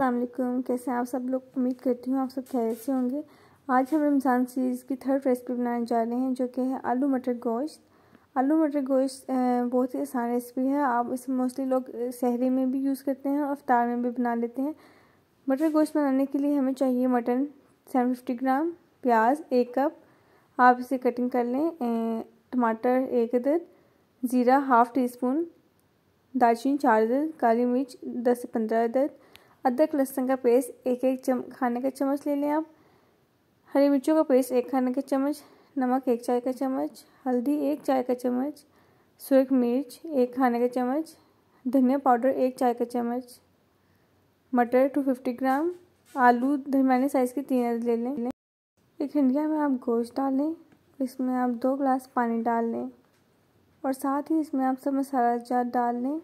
अल्लाम कैसे आप सब लोग उम्मीद करती हूँ आप सब खैर से होंगे आज हम रमज़ान सीरीज़ की थर्ड रेसिपी बनाने जा रहे हैं जो कि है आलू मटर गोश्त आलू मटर गोश्त बहुत ही आसान रेसिपी है आप इसे मोस्टली लोग सहरी में भी यूज़ करते हैं और अफ्तार में भी बना लेते हैं मटर गोश्त बनाने के लिए हमें चाहिए मटन सेवन फिफ्टी ग्राम प्याज एक कप आप इसे कटिंग कर लें टमाटर एक अदद ज़ीरा हाफ़ टी स्पून दालचीनी चार अदद काली मिर्च दस से पंद्रह अदद अदरक लहसुन का पेस्ट एक एक चम खाने का चम्मच ले लें आप हरी मिर्चों का पेस्ट एक खाने का चम्मच नमक एक चाय का चम्मच हल्दी एक चाय का चम्मच सूरख मिर्च एक खाने का चम्मच धनिया पाउडर एक चाय का चम्मच मटर टू फिफ्टी ग्राम आलू दरमियाने साइज़ के तीन ले लें एक हंडिया में आप गोश्त डालें इसमें आप दो ग्लास पानी डाल लें और साथ ही इसमें आप सब मसाला जार डाल लें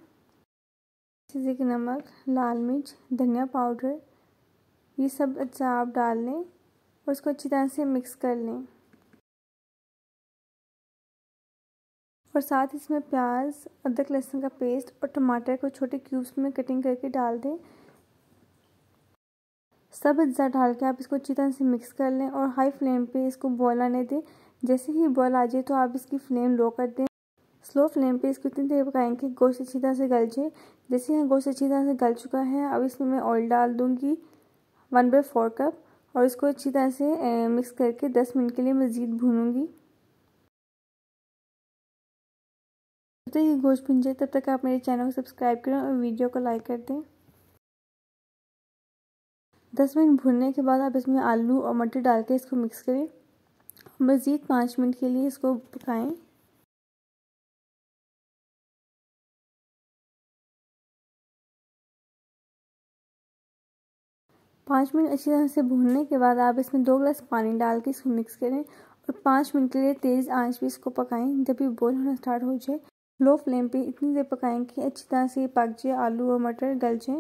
जैसे कि नमक लाल मिर्च धनिया पाउडर ये सब अच्छा आप डाल लें और उसको अच्छी तरह से मिक्स कर लें और साथ इसमें प्याज अदरक लहसुन का पेस्ट और टमाटर को छोटे क्यूब्स में कटिंग करके डाल दें सब अज्जा डाल के आप इसको अच्छी तरह से मिक्स कर लें और हाई फ्लेम पे इसको बॉयल आने दें जैसे ही बॉयल आ जाए तो आप इसकी फ्लेम लो कर दें स्लो फ्लेम पे इसको इतनी देर पकाएंगे कि गोश्त अच्छी तरह से गल जाए जैसे यहाँ गोश्त अच्छी तरह से गल चुका है अब इसमें मैं ऑयल डाल दूँगी वन बाई फोर कप और इसको अच्छी तरह से मिक्स करके दस मिनट के लिए मज़ीद भूनूँगी जब तो तक ये गोश्त भून जाए तब तक आप मेरे चैनल को सब्सक्राइब करें और वीडियो को लाइक कर दें दस मिनट भूनने के बाद आप इसमें आलू और मटर डाल के इसको मिक्स करें मज़ीद पाँच मिनट के लिए इसको पकाएं पाँच मिनट अच्छी तरह से भूनने के बाद आप इसमें दो ग्लास पानी डाल के इसको मिक्स करें और पाँच मिनट के लिए तेज़ आंच पे इसको पकाएं जब ये बॉयल होना स्टार्ट हो जाए लो फ्लेम पे इतनी देर पकाएं कि अच्छी तरह से पक जाए आलू और मटर गल जाएँ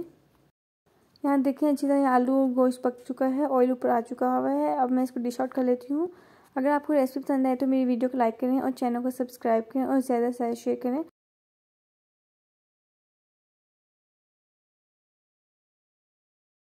यहाँ देखें अच्छी तरह आलू और गोश्त पक चुका है ऑयल ऊपर आ चुका हुआ है अब मैं इसको डिश आउट कर लेती हूँ अगर आपको रेसिपी पसंद आए तो मेरी वीडियो को लाइक करें और चैनल को सब्सक्राइब करें और ज़्यादा से ज़्यादा शेयर करें